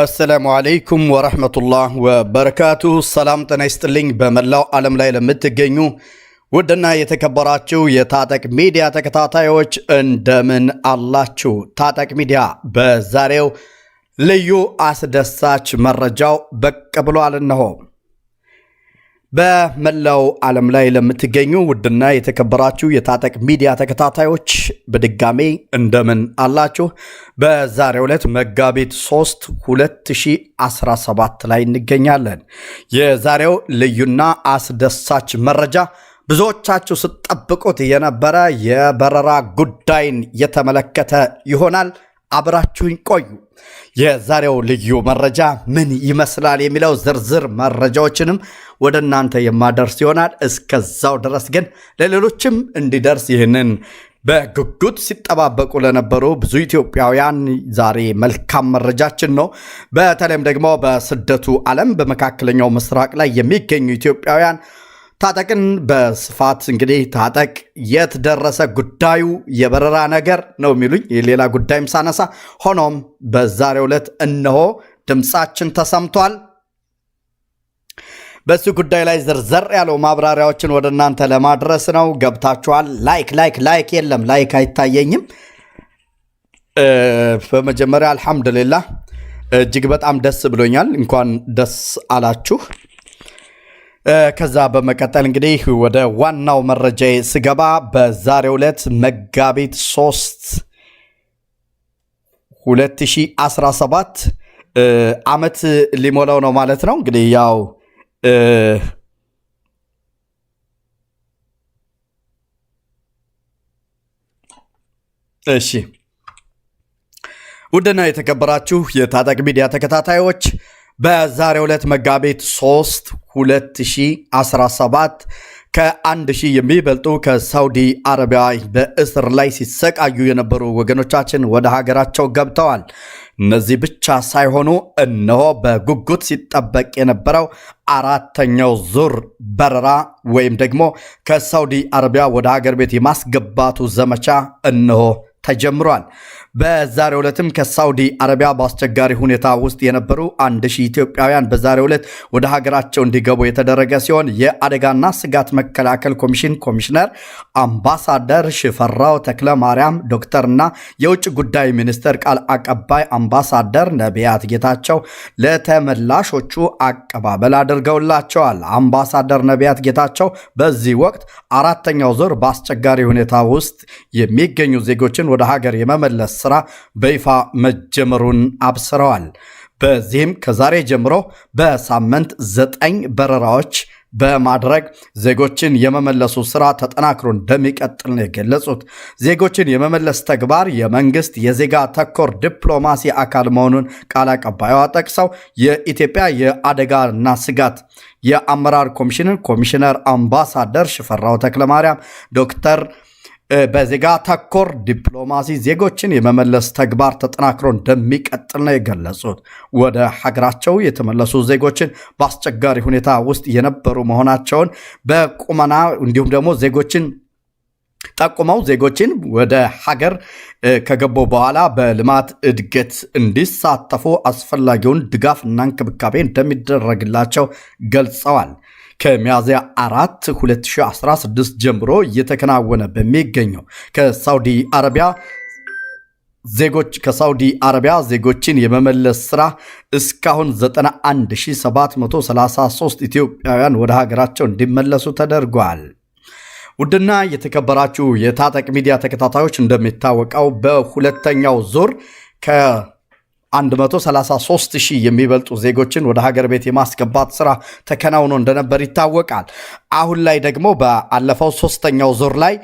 አሰላሙ አለይኩም ወረህመቱላህ ወበረካቱ። ሰላም ጤና ይስጥልኝ። በመላው ዓለም ላይ ለምትገኙ ውድና የተከበራችሁ የታጠቅ ሚዲያ ተከታታዮች እንደምን አላችሁ? ታጠቅ ሚዲያ በዛሬው ልዩ አስደሳች መረጃው በቅ ብሏል። እነሆ በመላው ዓለም ላይ ለምትገኙ ውድና የተከበራችሁ የታጠቅ ሚዲያ ተከታታዮች በድጋሜ እንደምን አላችሁ? በዛሬው ዕለት መጋቢት 3 2017 ላይ እንገኛለን። የዛሬው ልዩና አስደሳች መረጃ ብዙዎቻችሁ ስትጠብቁት የነበረ የበረራ ጉዳይን የተመለከተ ይሆናል። አብራችሁኝ ቆዩ። የዛሬው ልዩ መረጃ ምን ይመስላል የሚለው ዝርዝር መረጃዎችንም ወደ እናንተ የማደርስ ይሆናል። እስከዛው ድረስ ግን ለሌሎችም እንዲደርስ ይህንን በጉጉት ሲጠባበቁ ለነበሩ ብዙ ኢትዮጵያውያን ዛሬ መልካም መረጃችን ነው። በተለይም ደግሞ በስደቱ ዓለም በመካከለኛው ምስራቅ ላይ የሚገኙ ኢትዮጵያውያን ታጠቅን በስፋት እንግዲህ ታጠቅ የት ደረሰ ጉዳዩ የበረራ ነገር ነው የሚሉኝ የሌላ ጉዳይም ሳነሳ፣ ሆኖም በዛሬው ዕለት እነሆ ድምፃችን ተሰምቷል። በሱ ጉዳይ ላይ ዝርዝር ያለው ማብራሪያዎችን ወደ እናንተ ለማድረስ ነው። ገብታችኋል። ላይክ ላይክ ላይክ የለም ላይክ አይታየኝም። በመጀመሪያ አልሐምዱሊላህ እጅግ በጣም ደስ ብሎኛል። እንኳን ደስ አላችሁ። ከዛ በመቀጠል እንግዲህ ወደ ዋናው መረጃ ስገባ በዛሬው ዕለት መጋቢት 3 2017 ዓመት ሊሞላው ነው ማለት ነው። እንግዲህ ያው እሺ ውድና የተከበራችሁ የታጠቅ ሚዲያ ተከታታዮች በዛሬው ዕለት መጋቢት 3 2017 ከአንድ ሺህ የሚበልጡ ከሳውዲ አረቢያ በእስር ላይ ሲሰቃዩ የነበሩ ወገኖቻችን ወደ ሀገራቸው ገብተዋል። እነዚህ ብቻ ሳይሆኑ እነሆ በጉጉት ሲጠበቅ የነበረው አራተኛው ዙር በረራ ወይም ደግሞ ከሳውዲ አረቢያ ወደ ሀገር ቤት የማስገባቱ ዘመቻ እነሆ ተጀምሯል። በዛሬ ዕለትም ከሳውዲ አረቢያ በአስቸጋሪ ሁኔታ ውስጥ የነበሩ አንድ ሺህ ኢትዮጵያውያን በዛሬ ዕለት ወደ ሀገራቸው እንዲገቡ የተደረገ ሲሆን የአደጋና ስጋት መከላከል ኮሚሽን ኮሚሽነር አምባሳደር ሽፈራው ተክለ ማርያም ዶክተርና የውጭ ጉዳይ ሚኒስትር ቃል አቀባይ አምባሳደር ነቢያት ጌታቸው ለተመላሾቹ አቀባበል አድርገውላቸዋል። አምባሳደር ነቢያት ጌታቸው በዚህ ወቅት አራተኛው ዙር በአስቸጋሪ ሁኔታ ውስጥ የሚገኙ ዜጎችን ወደ ሀገር የመመለስ ስራ በይፋ መጀመሩን አብስረዋል። በዚህም ከዛሬ ጀምሮ በሳምንት ዘጠኝ በረራዎች በማድረግ ዜጎችን የመመለሱ ስራ ተጠናክሮ እንደሚቀጥል ነው የገለጹት። ዜጎችን የመመለስ ተግባር የመንግስት የዜጋ ተኮር ዲፕሎማሲ አካል መሆኑን ቃል አቀባይዋ ጠቅሰው የኢትዮጵያ የአደጋና ስጋት የአመራር ኮሚሽንን ኮሚሽነር አምባሳደር ሽፈራው ተክለማርያም ዶክተር በዜጋ ተኮር ዲፕሎማሲ ዜጎችን የመመለስ ተግባር ተጠናክሮ እንደሚቀጥል ነው የገለጹት። ወደ ሀገራቸው የተመለሱ ዜጎችን በአስቸጋሪ ሁኔታ ውስጥ የነበሩ መሆናቸውን በቁመና እንዲሁም ደግሞ ዜጎችን ጠቁመው ዜጎችን ወደ ሀገር ከገቡ በኋላ በልማት እድገት እንዲሳተፉ አስፈላጊውን ድጋፍና እንክብካቤ እንደሚደረግላቸው ገልጸዋል። ከሚያዝያ 4 2016 ጀምሮ እየተከናወነ በሚገኘው ከሳውዲ አረቢያ ዜጎች ከሳውዲ አረቢያ ዜጎችን የመመለስ ስራ እስካሁን 91733 ኢትዮጵያውያን ወደ ሀገራቸው እንዲመለሱ ተደርጓል። ውድና የተከበራችሁ የታጠቅ ሚዲያ ተከታታዮች እንደሚታወቀው በሁለተኛው ዙር ከ 133 ሺህ የሚበልጡ ዜጎችን ወደ ሀገር ቤት የማስገባት ስራ ተከናውኖ እንደነበር ይታወቃል። አሁን ላይ ደግሞ በአለፈው ሶስተኛው ዙር ላይ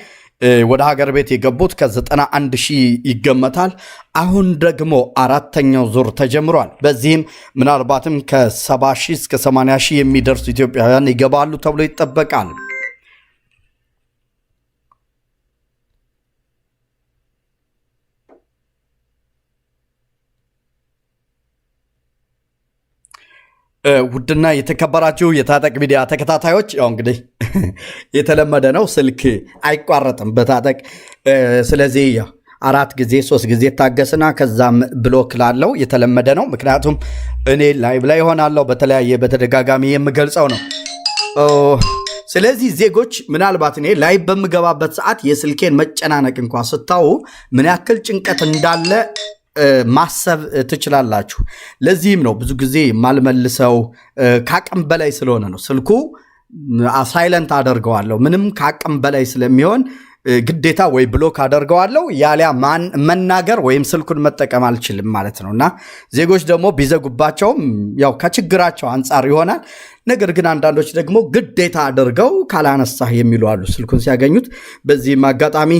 ወደ ሀገር ቤት የገቡት ከ91 ሺህ ይገመታል። አሁን ደግሞ አራተኛው ዙር ተጀምሯል። በዚህም ምናልባትም ከ70 ሺህ እስከ 80 ሺህ የሚደርሱ ኢትዮጵያውያን ይገባሉ ተብሎ ይጠበቃል። ውድና የተከበራችሁ የታጠቅ ሚዲያ ተከታታዮች ያው እንግዲህ የተለመደ ነው፣ ስልክ አይቋረጥም በታጠቅ ስለዚህ አራት ጊዜ ሶስት ጊዜ ታገስና ከዛም ብሎክ ላለው የተለመደ ነው። ምክንያቱም እኔ ላይቭ ላይ ሆናለሁ በተለያየ በተደጋጋሚ የምገልጸው ነው። ስለዚህ ዜጎች ምናልባት እኔ ላይቭ በምገባበት ሰዓት የስልኬን መጨናነቅ እንኳ ስታዩ ምን ያክል ጭንቀት እንዳለ ማሰብ ትችላላችሁ። ለዚህም ነው ብዙ ጊዜ የማልመልሰው ከአቅም በላይ ስለሆነ ነው። ስልኩ ሳይለንት አደርገዋለሁ። ምንም ከአቅም በላይ ስለሚሆን ግዴታ ወይ ብሎክ አደርገዋለሁ፣ ያሊያ መናገር ወይም ስልኩን መጠቀም አልችልም ማለት ነው። እና ዜጎች ደግሞ ቢዘጉባቸውም ያው ከችግራቸው አንጻር ይሆናል። ነገር ግን አንዳንዶች ደግሞ ግዴታ አድርገው ካላነሳህ የሚሉ አሉ ስልኩን ሲያገኙት። በዚህም አጋጣሚ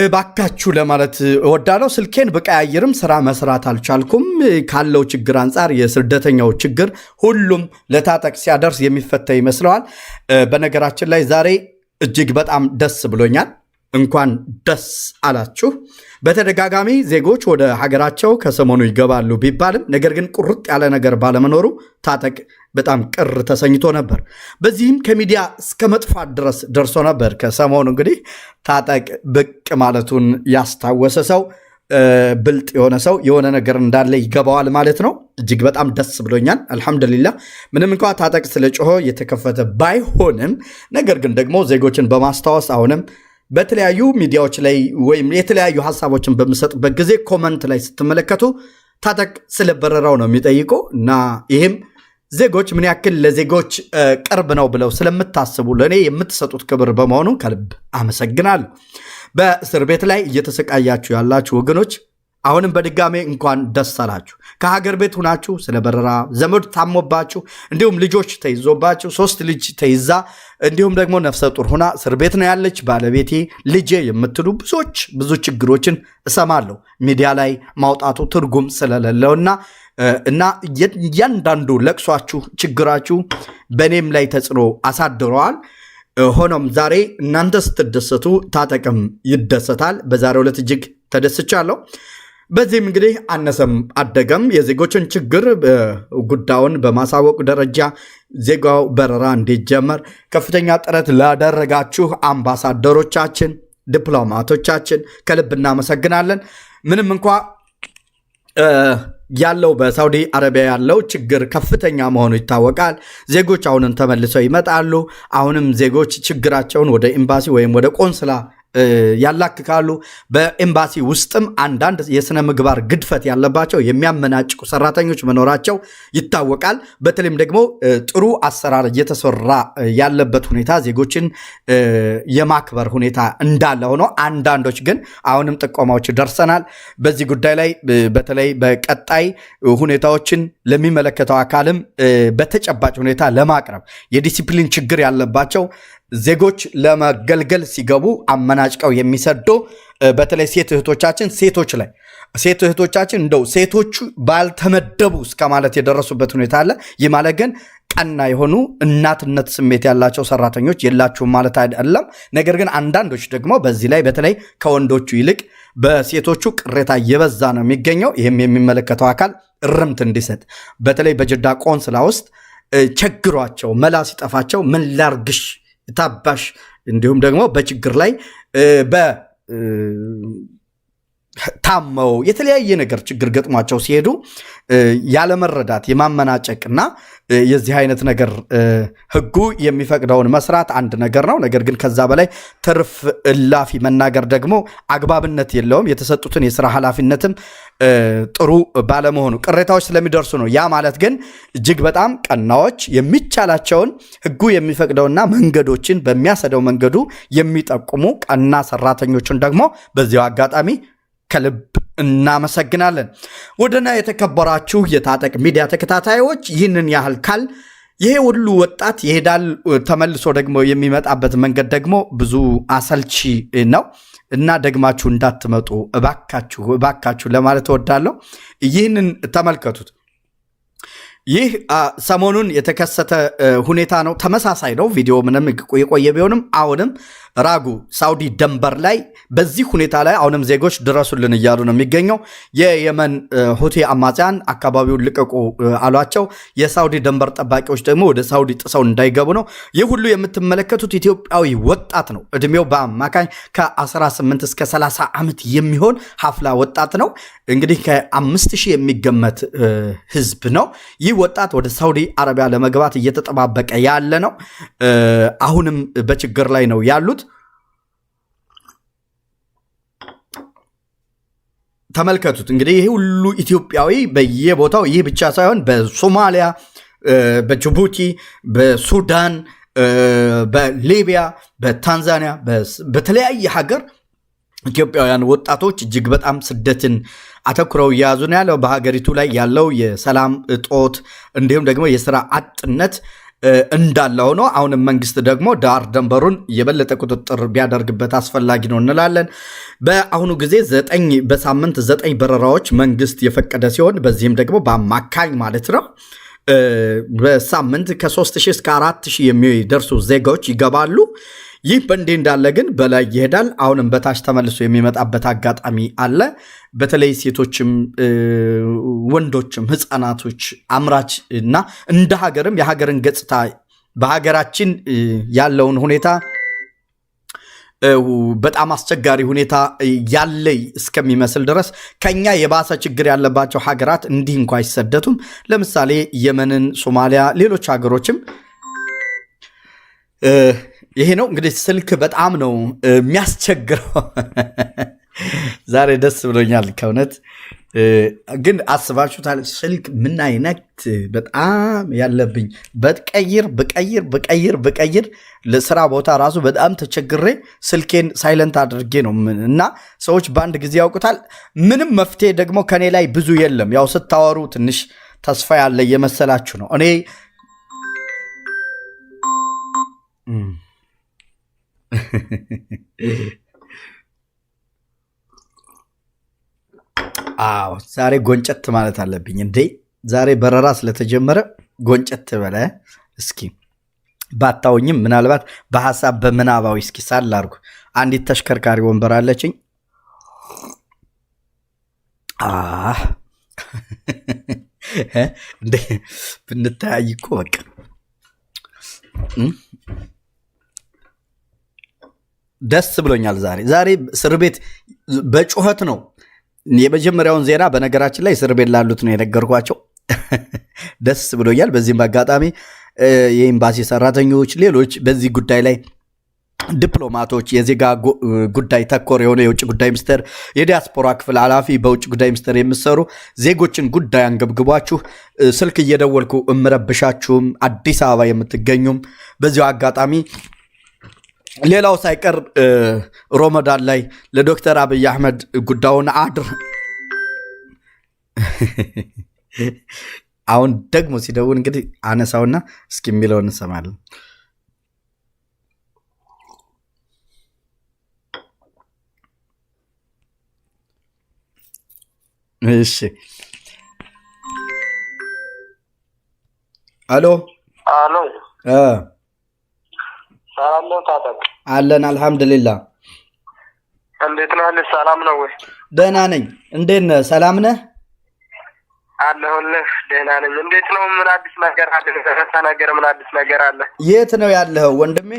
እባካችሁ ለማለት እወዳለሁ። ስልኬን ብቀያየርም ስራ መስራት አልቻልኩም። ካለው ችግር አንጻር የስደተኛው ችግር ሁሉም ለታጠቅ ሲያደርስ የሚፈታ ይመስለዋል። በነገራችን ላይ ዛሬ እጅግ በጣም ደስ ብሎኛል። እንኳን ደስ አላችሁ። በተደጋጋሚ ዜጎች ወደ ሀገራቸው ከሰሞኑ ይገባሉ ቢባልም ነገር ግን ቁርጥ ያለ ነገር ባለመኖሩ ታጠቅ በጣም ቅር ተሰኝቶ ነበር። በዚህም ከሚዲያ እስከ መጥፋት ድረስ ደርሶ ነበር። ከሰሞኑ እንግዲህ ታጠቅ ብቅ ማለቱን ያስታወሰ ሰው ብልጥ የሆነ ሰው የሆነ ነገር እንዳለ ይገባዋል ማለት ነው። እጅግ በጣም ደስ ብሎኛል። አልሐምዱሊላ ምንም እንኳ ታጠቅ ስለ ጮሆ የተከፈተ ባይሆንም ነገር ግን ደግሞ ዜጎችን በማስታወስ አሁንም በተለያዩ ሚዲያዎች ላይ ወይም የተለያዩ ሀሳቦችን በምሰጥበት ጊዜ ኮመንት ላይ ስትመለከቱ ታጠቅ ስለ በረራው ነው የሚጠይቁ እና ይህም ዜጎች ምን ያክል ለዜጎች ቅርብ ነው ብለው ስለምታስቡ ለእኔ የምትሰጡት ክብር በመሆኑ ከልብ አመሰግናል። በእስር ቤት ላይ እየተሰቃያችሁ ያላችሁ ወገኖች አሁንም በድጋሜ እንኳን ደስ አላችሁ። ከሀገር ቤት ሁናችሁ ስለ በረራ ዘመድ ታሞባችሁ፣ እንዲሁም ልጆች ተይዞባችሁ፣ ሶስት ልጅ ተይዛ እንዲሁም ደግሞ ነፍሰ ጡር ሁና እስር ቤት ነው ያለች ባለቤቴ ልጄ የምትሉ ብዙዎች ብዙ ችግሮችን እሰማለሁ ሚዲያ ላይ ማውጣቱ ትርጉም ስለሌለውና እና እያንዳንዱ ለቅሷችሁ፣ ችግራችሁ በእኔም ላይ ተጽዕኖ አሳድረዋል። ሆኖም ዛሬ እናንተ ስትደሰቱ ታጠቅም ይደሰታል። በዛሬው ዕለት እጅግ ተደስቻለሁ። በዚህም እንግዲህ አነሰም አደገም የዜጎችን ችግር ጉዳዩን በማሳወቅ ደረጃ ዜጋው በረራ እንዲጀመር ከፍተኛ ጥረት ላደረጋችሁ አምባሳደሮቻችን፣ ዲፕሎማቶቻችን ከልብ እናመሰግናለን። ምንም እንኳ ያለው በሳውዲ አረቢያ ያለው ችግር ከፍተኛ መሆኑ ይታወቃል። ዜጎች አሁንም ተመልሰው ይመጣሉ። አሁንም ዜጎች ችግራቸውን ወደ ኤምባሲ ወይም ወደ ቆንስላ ያላክካሉ። በኤምባሲ ውስጥም አንዳንድ የስነ ምግባር ግድፈት ያለባቸው የሚያመናጭቁ ሰራተኞች መኖራቸው ይታወቃል። በተለይም ደግሞ ጥሩ አሰራር እየተሰራ ያለበት ሁኔታ ዜጎችን የማክበር ሁኔታ እንዳለ ሆኖ አንዳንዶች ግን አሁንም ጥቆማዎች ደርሰናል። በዚህ ጉዳይ ላይ በተለይ በቀጣይ ሁኔታዎችን ለሚመለከተው አካልም በተጨባጭ ሁኔታ ለማቅረብ የዲሲፕሊን ችግር ያለባቸው ዜጎች ለመገልገል ሲገቡ አመናጭቀው የሚሰዱ በተለይ ሴት እህቶቻችን ሴቶች ላይ ሴት እህቶቻችን እንደው ሴቶቹ ባልተመደቡ እስከ ማለት የደረሱበት ሁኔታ አለ። ይህ ማለት ግን ቀና የሆኑ እናትነት ስሜት ያላቸው ሰራተኞች የላችሁም ማለት አይደለም። ነገር ግን አንዳንዶች ደግሞ በዚህ ላይ በተለይ ከወንዶቹ ይልቅ በሴቶቹ ቅሬታ እየበዛ ነው የሚገኘው። ይህም የሚመለከተው አካል እርምት እንዲሰጥ በተለይ በጅዳ ቆንስላ ውስጥ ቸግሯቸው መላ ሲጠፋቸው ምን ላርግሽ ታባሽ እንዲሁም ደግሞ በችግር ላይ ታመው የተለያየ ነገር ችግር ገጥሟቸው ሲሄዱ ያለመረዳት የማመናጨቅና የዚህ አይነት ነገር ህጉ የሚፈቅደውን መስራት አንድ ነገር ነው። ነገር ግን ከዛ በላይ ትርፍ እላፊ መናገር ደግሞ አግባብነት የለውም። የተሰጡትን የስራ ኃላፊነትም ጥሩ ባለመሆኑ ቅሬታዎች ስለሚደርሱ ነው። ያ ማለት ግን እጅግ በጣም ቀናዎች የሚቻላቸውን ህጉ የሚፈቅደውና መንገዶችን በሚያሰደው መንገዱ የሚጠቁሙ ቀና ሰራተኞቹን ደግሞ በዚያው አጋጣሚ ከልብ እናመሰግናለን። ወደና የተከበራችሁ የታጠቅ ሚዲያ ተከታታዮች ይህንን ያህል ካል ይሄ ሁሉ ወጣት ይሄዳል፣ ተመልሶ ደግሞ የሚመጣበት መንገድ ደግሞ ብዙ አሰልቺ ነው እና ደግማችሁ እንዳትመጡ እባካችሁ እባካችሁ ለማለት እወዳለሁ። ይህንን ተመልከቱት። ይህ ሰሞኑን የተከሰተ ሁኔታ ነው። ተመሳሳይ ነው። ቪዲዮ ምንም የቆየ ቢሆንም አሁንም ራጉ ሳውዲ ደንበር ላይ በዚህ ሁኔታ ላይ አሁንም ዜጎች ድረሱልን እያሉ ነው የሚገኘው። የየመን ሁቴ አማጽያን አካባቢውን ልቀቁ አሏቸው። የሳውዲ ደንበር ጠባቂዎች ደግሞ ወደ ሳውዲ ጥሰው እንዳይገቡ ነው። ይህ ሁሉ የምትመለከቱት ኢትዮጵያዊ ወጣት ነው። እድሜው በአማካኝ ከ18 እስከ 30 ዓመት የሚሆን ሀፍላ ወጣት ነው። እንግዲህ ከአምስት ሺህ የሚገመት ህዝብ ነው። ይህ ወጣት ወደ ሳውዲ አረቢያ ለመግባት እየተጠባበቀ ያለ ነው። አሁንም በችግር ላይ ነው ያሉት። ተመልከቱት እንግዲህ ይህ ሁሉ ኢትዮጵያዊ በየቦታው ይህ ብቻ ሳይሆን በሶማሊያ፣ በጅቡቲ፣ በሱዳን፣ በሊቢያ፣ በታንዛኒያ በተለያየ ሀገር ኢትዮጵያውያን ወጣቶች እጅግ በጣም ስደትን አተኩረው እየያዙ ነው ያለው። በሀገሪቱ ላይ ያለው የሰላም እጦት እንዲሁም ደግሞ የስራ አጥነት እንዳለ ሆኖ አሁንም መንግስት ደግሞ ዳር ደንበሩን የበለጠ ቁጥጥር ቢያደርግበት አስፈላጊ ነው እንላለን። በአሁኑ ጊዜ ዘጠኝ በሳምንት ዘጠኝ በረራዎች መንግስት የፈቀደ ሲሆን በዚህም ደግሞ በአማካኝ ማለት ነው በሳምንት ከ3000 እስከ 4000 የሚደርሱ ዜጋዎች ይገባሉ። ይህ በእንዲህ እንዳለ ግን በላይ ይሄዳል፣ አሁንም በታች ተመልሶ የሚመጣበት አጋጣሚ አለ። በተለይ ሴቶችም ወንዶችም ህፃናቶች አምራች እና እንደ ሀገርም የሀገርን ገጽታ በሀገራችን ያለውን ሁኔታ በጣም አስቸጋሪ ሁኔታ ያለ እስከሚመስል ድረስ ከኛ የባሰ ችግር ያለባቸው ሀገራት እንዲህ እንኳ አይሰደቱም። ለምሳሌ የመንን፣ ሶማሊያ፣ ሌሎች ሀገሮችም ይሄ ነው እንግዲህ ስልክ በጣም ነው የሚያስቸግረው። ዛሬ ደስ ብሎኛል ከእውነት ግን አስባችሁታል? ስልክ ምን አይነት በጣም ያለብኝ በቀይር በቀይር በቀይር በቀይር ለስራ ቦታ ራሱ በጣም ተቸግሬ ስልኬን ሳይለንት አድርጌ ነው እና ሰዎች በአንድ ጊዜ ያውቁታል። ምንም መፍትሄ ደግሞ ከኔ ላይ ብዙ የለም። ያው ስታወሩ ትንሽ ተስፋ ያለ እየመሰላችሁ ነው እኔ አዎ ዛሬ ጎንጨት ማለት አለብኝ እንዴ! ዛሬ በረራ ስለተጀመረ ጎንጨት በለ እስኪ። ባታውኝም ምናልባት በሀሳብ በምናባዊ እስኪ ሳል አንዲት ተሽከርካሪ ወንበር አለችኝ። ብንተያይ እኮ በቃ ደስ ብሎኛል። ዛሬ ዛሬ እስር ቤት በጩኸት ነው። የመጀመሪያውን ዜና በነገራችን ላይ እስር ቤት ላሉት ነው የነገርኳቸው። ደስ ብሎኛል። በዚህም አጋጣሚ የኤምባሲ ሰራተኞች፣ ሌሎች በዚህ ጉዳይ ላይ ዲፕሎማቶች፣ የዜጋ ጉዳይ ተኮር የሆነ የውጭ ጉዳይ ሚኒስቴር የዲያስፖራ ክፍል ኃላፊ፣ በውጭ ጉዳይ ሚኒስቴር የምሰሩ ዜጎችን ጉዳይ አንገብግቧችሁ ስልክ እየደወልኩ እምረብሻችሁም አዲስ አበባ የምትገኙም በዚሁ አጋጣሚ ሌላው ሳይቀር ሮመዳን ላይ ለዶክተር አብይ አህመድ ጉዳዩን አድር አሁን ደግሞ ሲደውል እንግዲህ አነሳውና እስኪ የሚለው እንሰማለን። እሺ አሎ አሎ ሰላም ታጠቅ አለን። አልሐምዱሊላህ እንዴት ነህ? ሰላም ነው ወይ? ደህና ነኝ። እንዴት ነህ? ሰላም ነህ? አለሁልህ። ደህና ነኝ። እንዴት ነው? ምን አዲስ ነገር አለ? ነገር ምን አዲስ ነገር አለ? የት ነው ያለኸው ወንድሜ?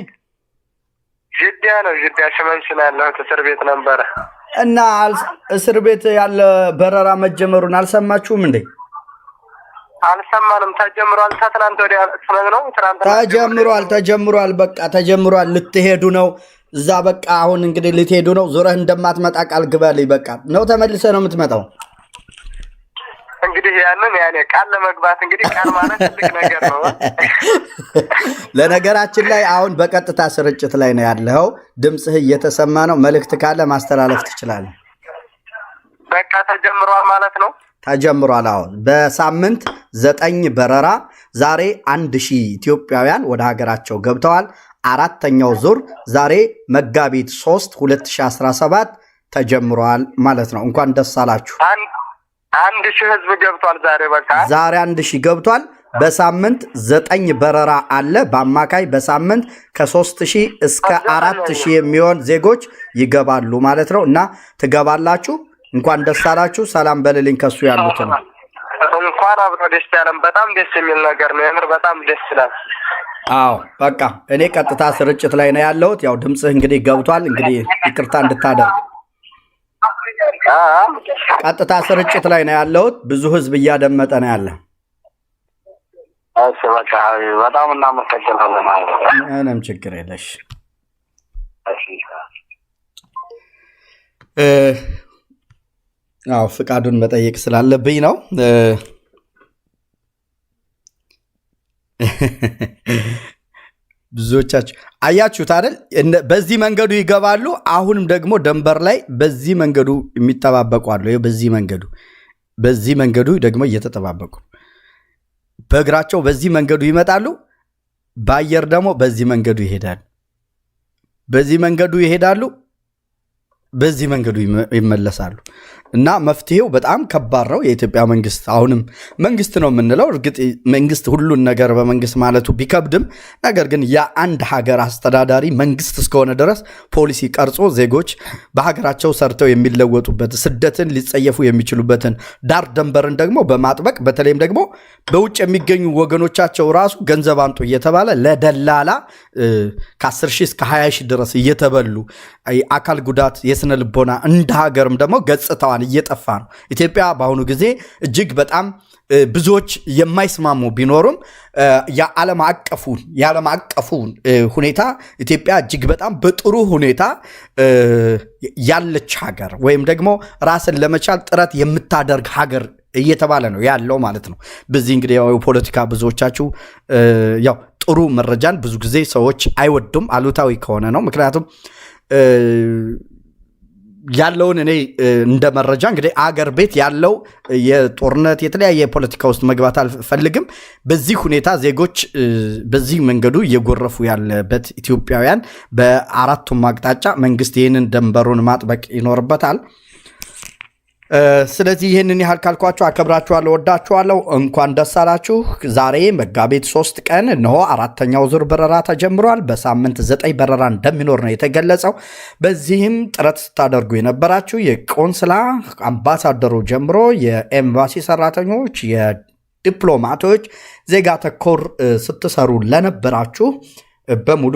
ጅዳ ነው። ጅዳ ሽመንሽ ነው ያለሁት። እስር ቤት ነበረ እና እስር ቤት ያለ በረራ መጀመሩን አልሰማችሁም እንዴ? አልሰማንም። ተጀምሯል። ተትናንት ወዲያ ነው። ተጀምሯል፣ ተጀምሯል። በቃ ተጀምሯል። ልትሄዱ ነው እዛ። በቃ አሁን እንግዲህ ልትሄዱ ነው። ዙረህ እንደማትመጣ ቃል ግባልኝ። በቃ ነው ተመልሰ ነው የምትመጣው። እንግዲህ ያንን ያኔ ቃል ለመግባት እንግዲህ ቃል ማለት ትልቅ ነገር ነው። ለነገራችን ላይ አሁን በቀጥታ ስርጭት ላይ ነው ያለው። ድምፅህ እየተሰማ ነው። መልእክት ካለ ማስተላለፍ ትችላለህ። በቃ ተጀምሯል ማለት ነው። ተጀምሯል። አሁን በሳምንት ዘጠኝ በረራ ዛሬ አንድ ሺህ ኢትዮጵያውያን ወደ ሀገራቸው ገብተዋል። አራተኛው ዙር ዛሬ መጋቢት 3 2017 ተጀምሯል ማለት ነው። እንኳን ደስ አላችሁ። አንድ ሺህ ህዝብ ገብቷል ዛሬ በቃ ዛሬ አንድ ሺህ ገብቷል። በሳምንት ዘጠኝ በረራ አለ። በአማካይ በሳምንት ከሶስት ሺህ እስከ አራት ሺህ የሚሆን ዜጎች ይገባሉ ማለት ነው እና ትገባላችሁ እንኳን ደስ አላችሁ። ሰላም በልልኝ ከሱ ያሉት ነው። እንኳን አብሮ ደስ ያለን። በጣም ደስ የሚል ነገር ነው። የምር በጣም ደስ ይላል። አዎ በቃ እኔ ቀጥታ ስርጭት ላይ ነው ያለሁት። ያው ድምፅህ እንግዲህ ገብቷል። እንግዲህ ይቅርታ እንድታደርግ ቀጥታ ስርጭት ላይ ነው ያለሁት። ብዙ ህዝብ እያደመጠ ነው ያለ። በጣም እናመሰግናለን። ምንም ችግር የለሽ። አዎ ፍቃዱን መጠየቅ ስላለብኝ ነው። ብዙዎቻችሁ አያችሁት አይደል? በዚህ መንገዱ ይገባሉ። አሁንም ደግሞ ደንበር ላይ በዚህ መንገዱ የሚጠባበቁ አሉ። በዚህ መንገዱ በዚህ መንገዱ ደግሞ እየተጠባበቁ በእግራቸው በዚህ መንገዱ ይመጣሉ። በአየር ደግሞ በዚህ መንገዱ ይሄዳሉ። በዚህ መንገዱ ይሄዳሉ። በዚህ መንገዱ ይመለሳሉ። እና መፍትሄው በጣም ከባድ ነው። የኢትዮጵያ መንግስት አሁንም መንግስት ነው የምንለው እርግጥ መንግስት ሁሉን ነገር በመንግስት ማለቱ ቢከብድም፣ ነገር ግን የአንድ ሀገር አስተዳዳሪ መንግስት እስከሆነ ድረስ ፖሊሲ ቀርጾ ዜጎች በሀገራቸው ሰርተው የሚለወጡበት ስደትን ሊጸየፉ የሚችሉበትን ዳር ደንበርን ደግሞ በማጥበቅ በተለይም ደግሞ በውጭ የሚገኙ ወገኖቻቸው ራሱ ገንዘብ አምጡ እየተባለ ለደላላ ከ10 ሺህ እስከ 20 ሺህ ድረስ እየተበሉ አካል ጉዳት የስነ ልቦና እንደ ሀገርም ደግሞ ገጽታዋን ሆኗል፣ እየጠፋ ነው። ኢትዮጵያ በአሁኑ ጊዜ እጅግ በጣም ብዙዎች የማይስማሙ ቢኖሩም የዓለም አቀፉን የዓለም አቀፉን ሁኔታ ኢትዮጵያ እጅግ በጣም በጥሩ ሁኔታ ያለች ሀገር ወይም ደግሞ ራስን ለመቻል ጥረት የምታደርግ ሀገር እየተባለ ነው ያለው ማለት ነው። በዚህ እንግዲህ የፖለቲካ ብዙዎቻችሁ ያው ጥሩ መረጃን ብዙ ጊዜ ሰዎች አይወዱም፣ አሉታዊ ከሆነ ነው ምክንያቱም ያለውን እኔ እንደ መረጃ እንግዲህ አገር ቤት ያለው የጦርነት የተለያየ የፖለቲካ ውስጥ መግባት አልፈልግም። በዚህ ሁኔታ ዜጎች በዚህ መንገዱ እየጎረፉ ያለበት ኢትዮጵያውያን በአራቱም አቅጣጫ መንግስት ይህንን ደንበሩን ማጥበቅ ይኖርበታል። ስለዚህ ይህንን ያህል ካልኳችሁ አከብራችኋለሁ፣ ወዳችኋለሁ። እንኳን ደስ አላችሁ። ዛሬ መጋቢት ሶስት ቀን እነሆ አራተኛው ዙር በረራ ተጀምሯል። በሳምንት ዘጠኝ በረራ እንደሚኖር ነው የተገለጸው። በዚህም ጥረት ስታደርጉ የነበራችሁ የቆንስላ አምባሳደሩ ጀምሮ የኤምባሲ ሰራተኞች፣ የዲፕሎማቶች ዜጋ ተኮር ስትሰሩ ለነበራችሁ በሙሉ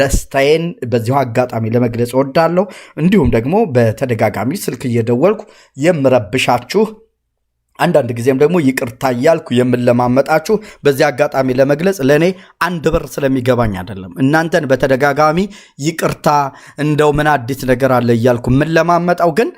ደስታዬን በዚሁ አጋጣሚ ለመግለጽ እወዳለሁ። እንዲሁም ደግሞ በተደጋጋሚ ስልክ እየደወልኩ የምረብሻችሁ አንዳንድ ጊዜም ደግሞ ይቅርታ እያልኩ የምለማመጣችሁ በዚህ አጋጣሚ ለመግለጽ ለእኔ አንድ ብር ስለሚገባኝ አይደለም። እናንተን በተደጋጋሚ ይቅርታ እንደው ምን አዲስ ነገር አለ እያልኩ የምለማመጣው ግን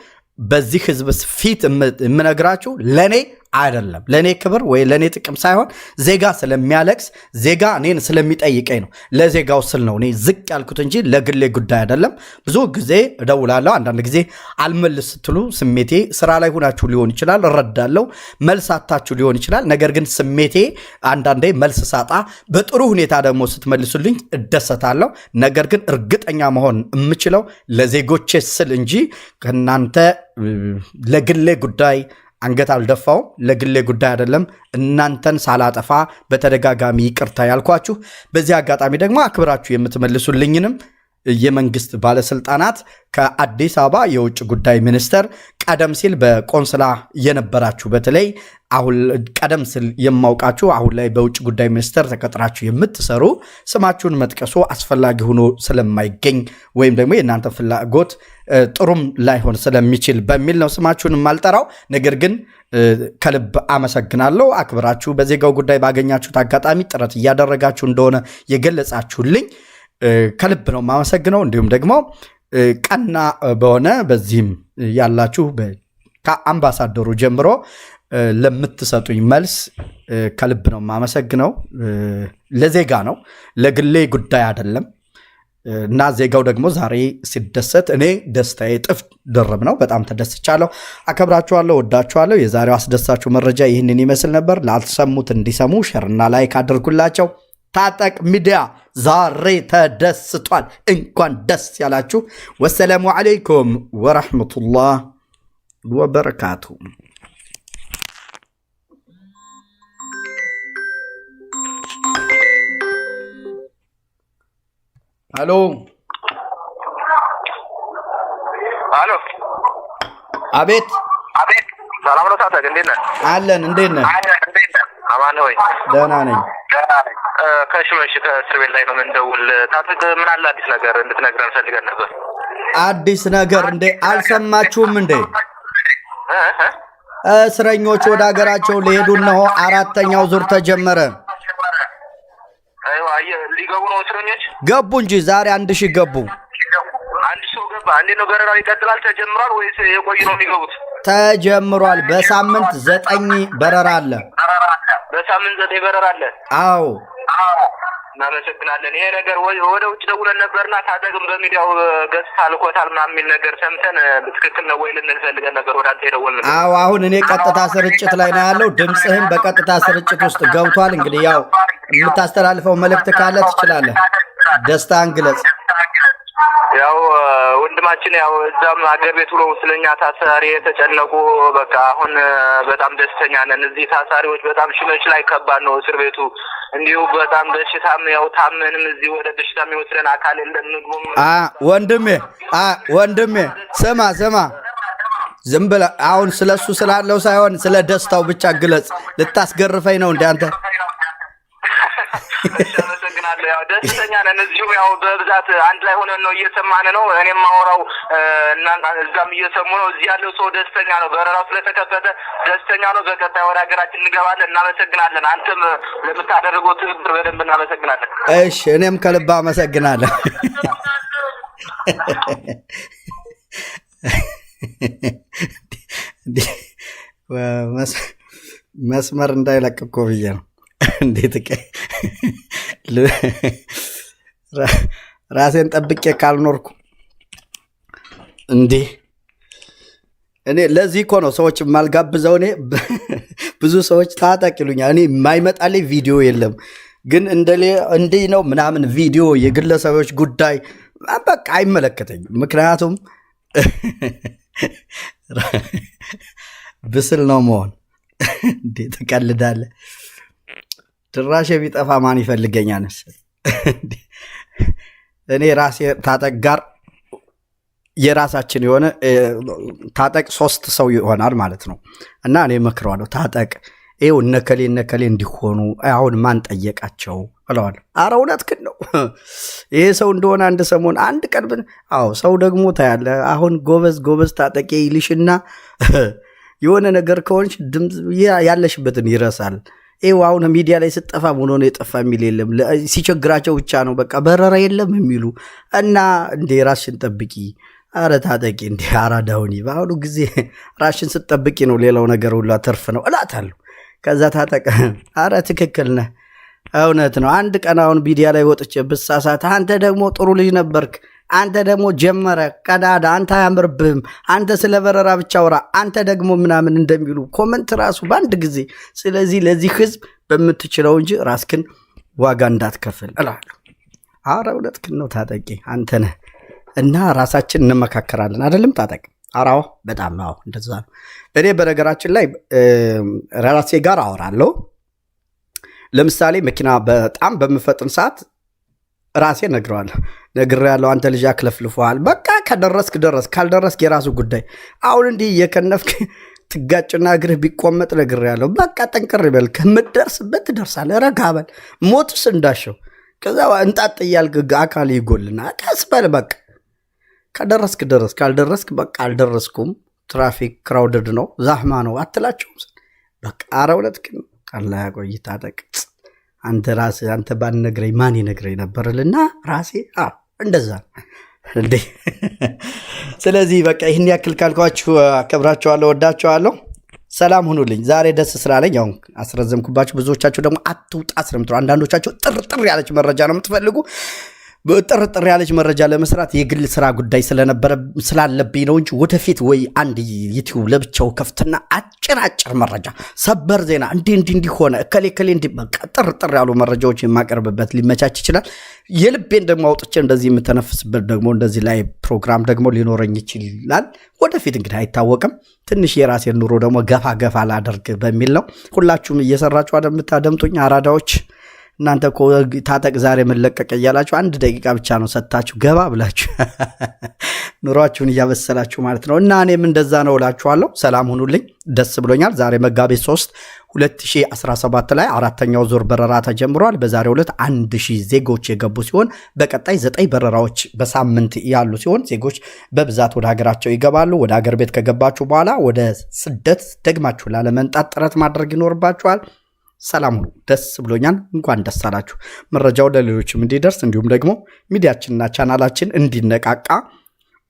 በዚህ ህዝብ ፊት የምነግራችሁ ለእኔ አይደለም። ለእኔ ክብር ወይ ለእኔ ጥቅም ሳይሆን ዜጋ ስለሚያለቅስ ዜጋ እኔን ስለሚጠይቀኝ ነው። ለዜጋው ስል ነው እኔ ዝቅ ያልኩት እንጂ ለግሌ ጉዳይ አይደለም። ብዙ ጊዜ እደውላለሁ። አንዳንድ ጊዜ አልመልስ ስትሉ ስሜቴ ስራ ላይ ሁናችሁ ሊሆን ይችላል፣ እረዳለሁ። አታችሁ ሊሆን ይችላል። ነገር ግን ስሜቴ አንዳንዴ መልስ ሳጣ፣ በጥሩ ሁኔታ ደግሞ ስትመልሱልኝ እደሰታለሁ። ነገር ግን እርግጠኛ መሆን የምችለው ለዜጎቼ ስል እንጂ ከእናንተ ለግሌ ጉዳይ አንገት አልደፋውም። ለግሌ ጉዳይ አይደለም። እናንተን ሳላጠፋ በተደጋጋሚ ይቅርታ ያልኳችሁ፣ በዚህ አጋጣሚ ደግሞ አክብራችሁ የምትመልሱልኝንም የመንግስት ባለስልጣናት ከአዲስ አበባ የውጭ ጉዳይ ሚኒስቴር ቀደም ሲል በቆንስላ የነበራችሁ በተለይ አሁን ቀደም ሲል የማውቃችሁ አሁን ላይ በውጭ ጉዳይ ሚኒስተር ተቀጥራችሁ የምትሰሩ ስማችሁን መጥቀሱ አስፈላጊ ሆኖ ስለማይገኝ ወይም ደግሞ የእናንተ ፍላጎት ጥሩም ላይሆን ስለሚችል በሚል ነው ስማችሁን የማልጠራው። ነገር ግን ከልብ አመሰግናለሁ። አክብራችሁ በዜጋው ጉዳይ ባገኛችሁት አጋጣሚ ጥረት እያደረጋችሁ እንደሆነ የገለጻችሁልኝ ከልብ ነው የማመሰግነው። እንዲሁም ደግሞ ቀና በሆነ በዚህም ያላችሁ ከአምባሳደሩ ጀምሮ ለምትሰጡኝ መልስ ከልብ ነው የማመሰግነው። ለዜጋ ነው፣ ለግሌ ጉዳይ አይደለም። እና ዜጋው ደግሞ ዛሬ ሲደሰት እኔ ደስታዬ እጥፍ ድርብ ነው። በጣም ተደስቻለሁ። አከብራችኋለሁ፣ ወዳችኋለሁ። የዛሬው አስደሳችሁ መረጃ ይህንን ይመስል ነበር። ላልሰሙት እንዲሰሙ ሸርና ላይክ አድርጉላቸው። ታጠቅ ሚዲያ ዛሬ ተደስቷል። እንኳን ደስ ያላችሁ። ወሰላሙ አለይኩም ወረሕመቱላህ ወበረካቱ alo alo አቤት አቤት ሰላም ነው ታታ እንዴት ነህ አለን እንዴት ነህ አማን ሆይ ደህና ነኝ ከሽመሽ ከእስር ቤት ላይ ነው የምንደውል ታጥቅ ምን አለ አዲስ ነገር እንድትነግረን ፈልገን ነበር አዲስ ነገር እንዴ አልሰማችሁም እንዴ እስረኞች ወደ ሀገራቸው ሊሄዱ እነሆ አራተኛው ዙር ተጀመረ ሊገቡ ነው እስረኞች ገቡ እንጂ ዛሬ አንድ ሺህ ገቡ። አንድ ሰው ገባ። እንዴት ነው በረራው ይቀጥላል? ተጀምሯል ወይስ የቆዩ ነው የሚገቡት? ተጀምሯል። በሳምንት ዘጠኝ በረራ አለ። በሳምንት ዘጠኝ በረራ አለ። አዎ እናመሰግናለን። ይሄ ነገር ወደ ውጭ ደውለን ነበርና ታጠቅም በሚዲያው ገጽታ አልኮታል ምናምን የሚል ነገር ሰምተን ትክክል ነው ወይ ልንል ፈልገን ነበር ወደ አንተ የደወልን። አዎ አሁን እኔ ቀጥታ ስርጭት ላይ ነው ያለው። ድምፅህም በቀጥታ ስርጭት ውስጥ ገብቷል። እንግዲህ ያው የምታስተላልፈው መልእክት ካለ ትችላለህ። ደስታን ግለጽ። ያው ወንድማችን ያው እዛም ሀገር ቤት ብሎ ስለኛ ታሳሪ የተጨነቁ በቃ አሁን በጣም ደስተኛ ነን። እዚህ ታሳሪዎች በጣም ሽመች ላይ ከባድ ነው እስር ቤቱ። እንዲሁ በጣም በሽታም ያው ታመንም እዚህ ወደ በሽታ የሚወስደን አካል የለም። ምግቡም ወንድሜ ወንድሜ ስማ ስማ ዝም ብለህ አሁን ስለሱ ስላለው ሳይሆን ስለ ደስታው ብቻ ግለጽ። ልታስገርፈኝ ነው እንደ አንተ አመሰግናለሁ። ያው ደስተኛ ነን። እዚሁም ያው በብዛት አንድ ላይ ሆነን ነው እየሰማን ነው። እኔም ማወራው እዛም እየሰሙ ነው። እዚህ ያለው ሰው ደስተኛ ነው። በረራው ስለተከፈተ ደስተኛ ነው። በቀጣይ ወደ ሀገራችን እንገባለን። እናመሰግናለን። አንተም ለምታደርገው ትብብር በደንብ እናመሰግናለን። እሺ፣ እኔም ከልባ አመሰግናለሁ። መስመር እንዳይለቅ እኮ ብዬ ነው። እንዴት ራሴን ጠብቄ ካልኖርኩ እንዴ! እኔ ለዚህ እኮ ነው ሰዎች የማልጋብዘው። እኔ ብዙ ሰዎች ታጠቅ ይሉኛል። እኔ የማይመጣልኝ ቪዲዮ የለም። ግን እንዲህ ነው ምናምን ቪዲዮ የግለሰቦች ጉዳይ በቃ አይመለከተኝም። ምክንያቱም ብስል ነው መሆን። እንዴ ትቀልዳለህ? ድራሽ ቢጠፋ ማን ይፈልገኛል? እኔ ራሴ ታጠቅ ጋር የራሳችን የሆነ ታጠቅ ሶስት ሰው ይሆናል ማለት ነው። እና እኔ መክረዋለሁ ታጠቅ ይው እነከሌ እነከሌ እንዲሆኑ አሁን ማን ጠየቃቸው ብለዋል። አረ እውነት ግን ነው ይሄ ሰው እንደሆነ አንድ ሰሞን አንድ ቀን ብን አዎ ሰው ደግሞ ታያለ። አሁን ጎበዝ ጎበዝ ታጠቂ ይልሽና የሆነ ነገር ከሆንሽ ያለሽበትን ይረሳል። ይኸው አሁን ሚዲያ ላይ ስጠፋ ነው የጠፋ የሚል የለም። ሲቸግራቸው ብቻ ነው በቃ በረራ የለም የሚሉ እና እንዴ ራስሽን ጠብቂ፣ አረ ታጠቂ፣ እንዴ አራዳውኒ በአሁኑ ጊዜ ራስሽን ስጠብቂ ነው ሌላው ነገር ሁሉ ትርፍ ነው እላታለሁ። ከዛ ታጠቀ፣ አረ ትክክል ነህ፣ እውነት ነው። አንድ ቀን አሁን ሚዲያ ላይ ወጥቼ ብሳሳት አንተ ደግሞ ጥሩ ልጅ ነበርክ አንተ ደግሞ ጀመረ ቀዳዳ፣ አንተ አያምርብህም፣ አንተ ስለ በረራ ብቻ አውራ፣ አንተ ደግሞ ምናምን እንደሚሉ ኮመንት ራሱ በአንድ ጊዜ። ስለዚህ ለዚህ ህዝብ በምትችለው እንጂ ራስክን ዋጋ እንዳትከፍል እላለሁ። አረ እውነትህን ነው ታጠቂ፣ አንተ ነህ እና ራሳችን እንመካከራለን አይደለም ታጠቅ አራዎ በጣም አዎ፣ እንደዛ ነው። እኔ በነገራችን ላይ ራሴ ጋር አወራለሁ። ለምሳሌ መኪና በጣም በምፈጥን ሰዓት ራሴ ነግረዋል ነግሬ ያለው አንተ ልጅ አክለፍልፈዋል። በቃ ከደረስክ ደረስ፣ ካልደረስክ የራሱ ጉዳይ። አሁን እንዲህ እየከነፍክ ትጋጭና እግርህ ቢቆመጥ ነግር ያለው በቃ ጠንቅር ይበል። ከምደርስበት ትደርሳለህ። ረጋበል ሞትስ እንዳሸው ከዛ እንጣጥ እያልክ አካል ይጎልና ቀስ በል በቃ ከደረስክ ደረስ፣ ካልደረስክ በቃ አልደረስኩም፣ ትራፊክ ክራውድድ ነው፣ ዛህማ ነው አትላቸውም። በቃ አረ እውነት ግን አላያቆይ ታጠቅ አንተ ራስ አንተ ባንነግረኝ ማን ይነግረኝ ነበርልና ራሴ እንደዛ ስለዚህ በቃ ይህን ያክል ካልኳችሁ ወዳቸው ወዳችኋለሁ። ሰላም ሁኑልኝ። ዛሬ ደስ ስላለኝ ያው አስረዘምኩባችሁ። ብዙዎቻችሁ ደግሞ አትውጣ ስለምትሉ አንዳንዶቻችሁ ጥርጥር ያለች መረጃ ነው የምትፈልጉ። ጥርጥር ያለች መረጃ ለመስራት የግል ስራ ጉዳይ ስለነበረ ስላለብኝ ነው እንጂ ወደፊት ወይ አንድ ዩቲዩብ ለብቻው ከፍትና አጭር አጭር መረጃ ሰበር ዜና እንዲ እንዲ እንዲሆነ እከሌ እከሌ እንዲ ጥርጥር ያሉ መረጃዎች የማቀርብበት ሊመቻች ይችላል። የልቤን ደግሞ አውጥቼ እንደዚህ የምተነፍስበት ደግሞ እንደዚህ ላይ ፕሮግራም ደግሞ ሊኖረኝ ይችላል። ወደፊት እንግዲህ አይታወቅም። ትንሽ የራሴን ኑሮ ደግሞ ገፋ ገፋ ላደርግ በሚል ነው። ሁላችሁም እየሰራችሁ እንደምታደምጡኝ አራዳዎች እናንተ እኮ ታጠቅ ዛሬ መለቀቀ እያላችሁ አንድ ደቂቃ ብቻ ነው ሰጥታችሁ ገባ ብላችሁ ኑሯችሁን እያበሰላችሁ ማለት ነው። እና እኔም እንደዛ ነው እላችኋለሁ። ሰላም ሁኑልኝ። ደስ ብሎኛል። ዛሬ መጋቢት 3 2017 ላይ አራተኛው ዙር በረራ ተጀምሯል። በዛሬው ዕለት አንድ ዜጎች የገቡ ሲሆን በቀጣይ ዘጠኝ በረራዎች በሳምንት ያሉ ሲሆን ዜጎች በብዛት ወደ ሀገራቸው ይገባሉ። ወደ ሀገር ቤት ከገባችሁ በኋላ ወደ ስደት ደግማችሁ ላለመንጣት ጥረት ማድረግ ይኖርባችኋል። ሰላም ሁኑ። ደስ ብሎኛል። እንኳን ደስ አላችሁ። መረጃው ለሌሎችም እንዲደርስ እንዲሁም ደግሞ ሚዲያችንና ቻናላችን እንዲነቃቃ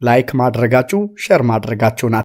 ላይክ ማድረጋችሁ ሼር ማድረጋችሁ ናት